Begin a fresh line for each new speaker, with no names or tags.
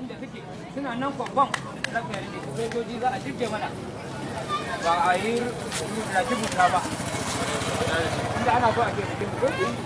inda suke suna nan kwamban ranka ya rike sojoji za a jirge mana ba a yi rajibuta ba inda ana so a ke
rajibuta